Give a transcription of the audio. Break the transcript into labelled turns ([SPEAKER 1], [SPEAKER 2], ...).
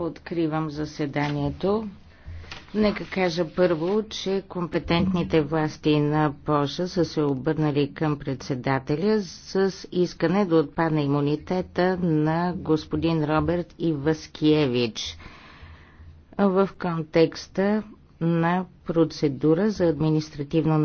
[SPEAKER 1] Откривам заседанието. Нека кажа първо, че компетентните власти на Польша са се обърнали към председателя с искане да отпадне имунитета на господин Роберт Иваскиевич в контекста на
[SPEAKER 2] процедура за административно